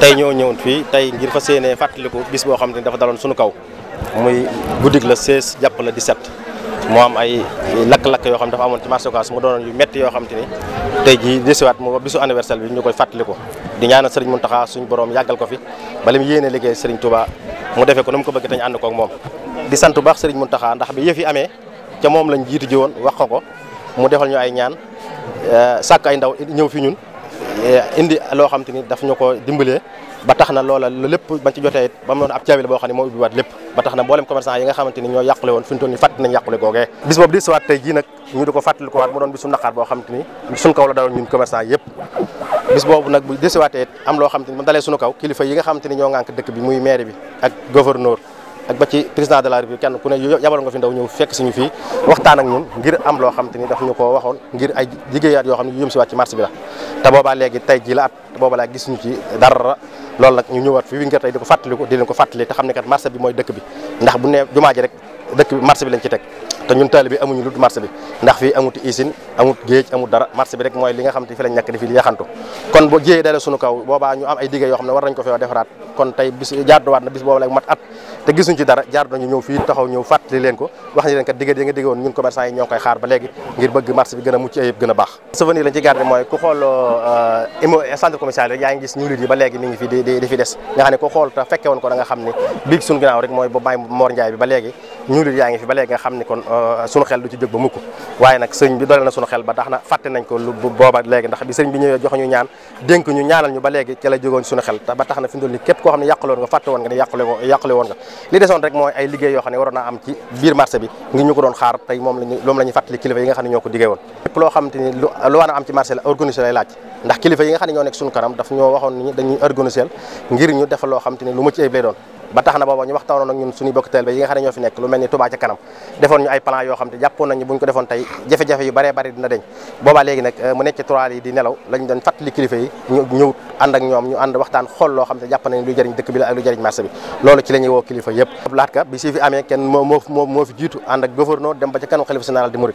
tey ñoo ñëwoon fii tey ngir fas yéenee fàttaliku bis boo xam ne dafa daloon suñu kaw muy guddig la 16 jàpp la 17 moo am ay lakk-lakk yoo xam ne dafa amoon ci marché Ocass yu métti yoo xam te ni tey jii desiwaat mu bisu anniversaire bi ñu koy fàttaliku di ñaanal Serigne Mountakha suñu borom ko fi bala mu yéene liggéey Serigne Touba mu defee ko ni mu ko bëgg te ñu ànd koog moom. di sant bu baax Serigne Mountakha ndax bi yëf yi amee ca moom lañ jiitu ji woon wax ko ko mu defal ñu ay ñaan eh, sàkk ay ndaw ñëw fi ñun. Eh, indi loo xam te ni daf ñu ko dimbalee ba tax na loola lépp bañ ci jotee it ba mu doon ab caabi la boo xam ne moo ubbiwaat lépp ba tax na mboolem commerçant yi nga xamante ni ñoo yàqule woon fi ñu toll nañ yàqule googee bis boobu di siwaat tey jii nag ñu di ko fàttali ko waat mu doon bisu naqaar boo xam te ni suñ kaw la daloon ñun commerçant yëpp bis boobu nag bu desiwaatee am loo xam te ni mu dalee suñu kaw kilifa yi nga xam te ni ñoo ngànk dëkk bi muy maire bi ak ba ci président de la République kenn ku ne yabal nga fi ndaw ñëw fekk suñu fii waxtaan ak ñun ngir am loo xam te ni ñu ko waxoon ngir ay liggéeyaat yoo xam ne yu jëm si waat ci marché bi la te boobaa léegi tey ji la booba laa gis ñu ci dara loolu nag ñu ñëwaat fi wi ngir tey di ko fàttaliku di leen ko fàttali te xam ne kat marché bi mooy dëkk bi ndax bu ne jumaa rek dëkk bi marché bi lañ ci teg te ñun taalibe bi amuñu lu dul marché bi ndax fii amut usine amut géej amut dara marché bi rek mooy li nga xam te fi lañ nekk di fi yaxantu kon boo jiyee dale suñu kaw boobaa ñu am ay diggé yoo xam ne war nañ ko fee defaraat dara jaar taxaw ñëw fàttali leen ko wax ni leen kat diggé yi nga diggé woon ñun commerçant yi ñoo koy xaar ba bi gën a a baax souvenir lañ ci gardé mooy ku euh, nga xam ne ku xool te fekke woon ko da xam ne biig suñu ginnaaw rek mooy ba Baye Mor bi ba léegi ñu lit yaa ngi fi ba léegi nga xam ni kon euh, sunu xel du ci jóg ba mukk waaye nag sëñ bi doole na sunu xel ba tax na fàtte nañ ko lu booba léegi ndax bi sëñ bi ñëwee jox ñu ñaan dénk ñu ñaanal ñu ba léegi ca la jógoon sunu xel ba tax na fi ndol ni képp koo xam ne yàqaloon woon nga li desoon rek mooy ay liggéey yoo xam ne ko doon xaar tey moom lañu moom la ñu fàttali kilifa yi nga xam ne ñoo ko diggee woon lépp loo xam te ni lu war a am ci marché la organiser lay laaj ndax kilifa yi nga xam ne ñoo nekk sunu kanam loo xam te ni lu mu ci ba tax na booba ñu waxtaanoon ak ñun suñu bokk teel ba yi nga xam ne ñoo fi nekk lu mel ni Touba ca kanam defoon ñu ay plan yoo xam te jàppoon nañu buñ ko euh, ñoom ñu ànd waxtaan xool loo xam te jàpp nañ lu jëriñ dëkk bi la ak lu jëriñ marché bi loolu ci la ñuy woo kilifa yëpp laat ka bi fi amee kenn moo moo moo fi jiitu ànd ak gouverneur dem ba ca kanam xalifa général di murid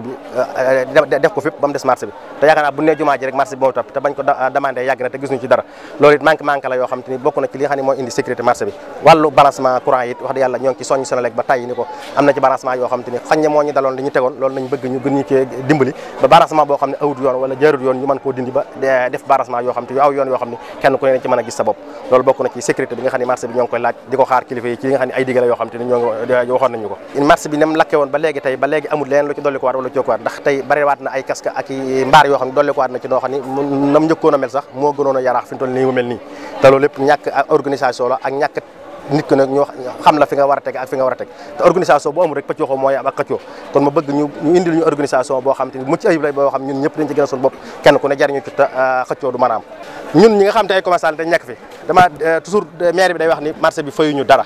dëkk bi eh, eh, def ko fépp ba des marché bi te yaakaar naa bu rek marché bi moo topp bañ ko demandé yàgg na te gisuñu ci dara loolu it manque manque yoo xam te ni na ci li nga xam ne bi wàllu ko eh, laaj di ko xaar kilifa ci li nga xam ay digale yoo xam te ñoo ko marché bi nem lakke woon ba léegi tey ba léegi amul leneen lu ci dolli ko war wala jokkuwaat ndax tey bariwaat na ay casque ak mbaar yoo xam ne ko waat na ci noo xam ne nam njëkkoon a mel sax moo gënoon a yaraax nii mu mel nii te loolu lépp ñàkk organisation la xam la fi bëgg ñu indil ñu organisation boo xam te ni mucc ayib lay boo xam ñun ñëpp dañ ci gën a bopp kenn ku ne jariñu ci euh, xëccoo du mën ñun ñi nga xam te ay commerçant dañ nekk fi euh, toujours euh, maire bi day wax ni marché bi fayuñu dara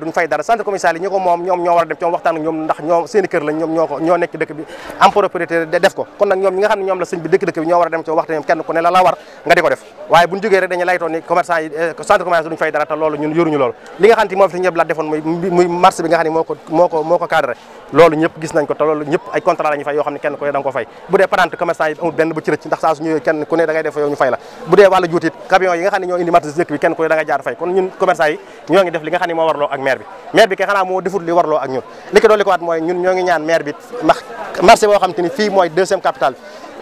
duñ fay dara centre commercial yi ñi ko moom ñoom ñoo war a dem ñoom waxtaan ak ñoom ndax ñoo seen kër lañ ñoom ñoo ko ñoo nekk dëkk bi am propriété def ko kon nag ñoom ñi nga xam ne ñoom la sëñ bi dëkk dëkk bi ñoo war a dem ci waxtaan ñoom kenn ku ne la la war nga di ko def waaye buñ jógee rek dañu laytoon ni commerçant yi eh, centre commercial duñ fay dara te loolu ñun yoruñu loolu li nga xam ne moom fi ñëpp la defoon muy muy marché bi nga xam ne moo ko moo ko moo ko cadré loolu ñëpp gis nañ ko te loolu ñëpp ay contrat la ñu fay yoo xam ne kenn ku ne da nga ko fay bu dee patente commerçant yi amul benn bu ci rëcc ndax saa su ñëwee kenn ku ne da ngay def yow ñu fay la bu dee wàllu juutit camion yi nga xam ne ñoo indi marché dëkk bi kenn ku ne da nga jaar fay kon ñun commerçant yi ñoo ngi def li nga xam ne moo warloo ak maire bi maire bi kay xanaa moo defut li warloo ak ñun li ko dolli ko waat mooy ñun ñoo ngi ñaan maire bi ndax marché boo xam te mooy deuxième capitale marché bi nga xam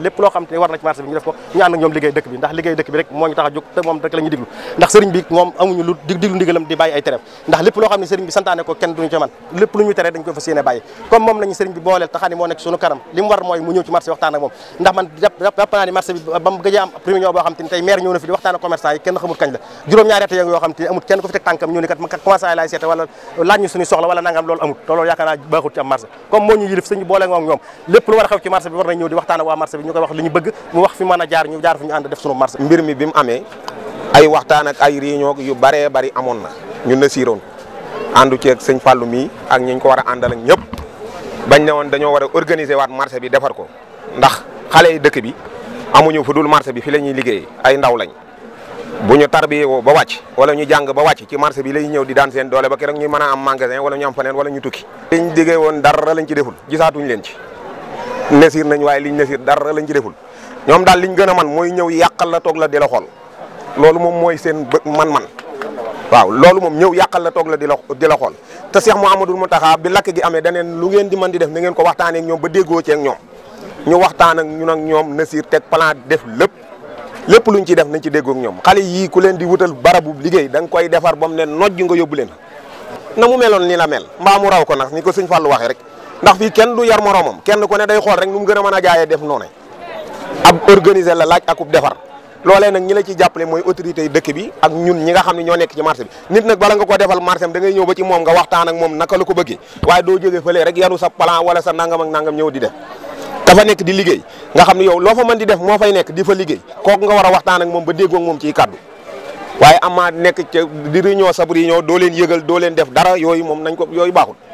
lépp loo xam te war na ci bi ñu def ko ñu ànd ñoom liggéey dëkk bi ndax lépp loo xam ne sëriñ bi santaane ko kenn duñu ci lépp lu ñu tere dañ ko fas yéene bàyyi comme moom lañu sëriñ bi booleel taxaani moo nekk suñu kanam li war mooy mu ñëw ci marché waxtaan moom ndax man jàpp naa ni marché bi ba mu a am réunion boo xam te ni tey maire ñëw na fi di waxtaan ak commerçant yi kenn xamul kañ la juróom-ñaari at yoo xam te amut kenn ku fi te loolu am marché comme moo ñu war a xew a ko war a àndal ak ñëpp ne woon dañoo war a organiser waat marché bi defar ko ndax xale yi dëkk bi amuñu fu dul marché bi fi la ñuy liggéey ay ndaw lañ bu ñu tarbiyee woo ba wàcc wala ñu jàng ba wàcc ci marché bi lay ñëw di daan seen doole ba keroog ñu mën a am magasin wala ñu am faneen wala ñu tukki liñ liggéey woon dara lañ ci deful gisaatuñ leen ci nesir nañ waaye liñ nesir dara lañ ci deful ñoom daal liñ gën a man mooy ñëw yàqal la toog la di la xool loolu moom mooy seen man-man waaw loolu moom ñëw yàqal la toog la di la di la xool te Cheikh Mouhamadou Mountakha bi lakk gi amee daneen lu ngeen di mën di def na ngeen ko waxtaanee ak ñoom ba déggoo ñu waxtaan ak ñun ak ñoom Nasir teg plan def lépp lépp ñu ci def nañ ci déggook ñoom xale yii ku leen di wutal barabu liggéey da koy defar ba mu ne nojj nga yóbbu leen na mu meloon ni la mel mbaa mu raw ko nag ni ko sëñ Fallou waxee rek ndax fii kenn du yar moroomam kenn ko ne day xool rek nu mu gën a mën a jaayee def noonu ab organiser la laaj aku defar loole nag ñi la ci jàppale mooy autorité yi dëkk bi ak ñun ñi nga xam ne ñoo nekk ci marché bi nit nag bala nga ko defal marché am da ci moom nga waxtaan ak moom naka la ko bëggee waaye doo jógee fële rek yaru sa plan wala sa nangam ak ñëw di def ka fa nekk di liggéey nga xam ne yow loo fa mën di def moo fay nekk di fa liggéey kooku nga war a waxtaan ak moom ba déggoo moom ciy kàddu waaye amaa nekk ca di réunion sabri ñoo doo leen yëgal doo leen def dara yooyu moom nañ ko yooyu baaxul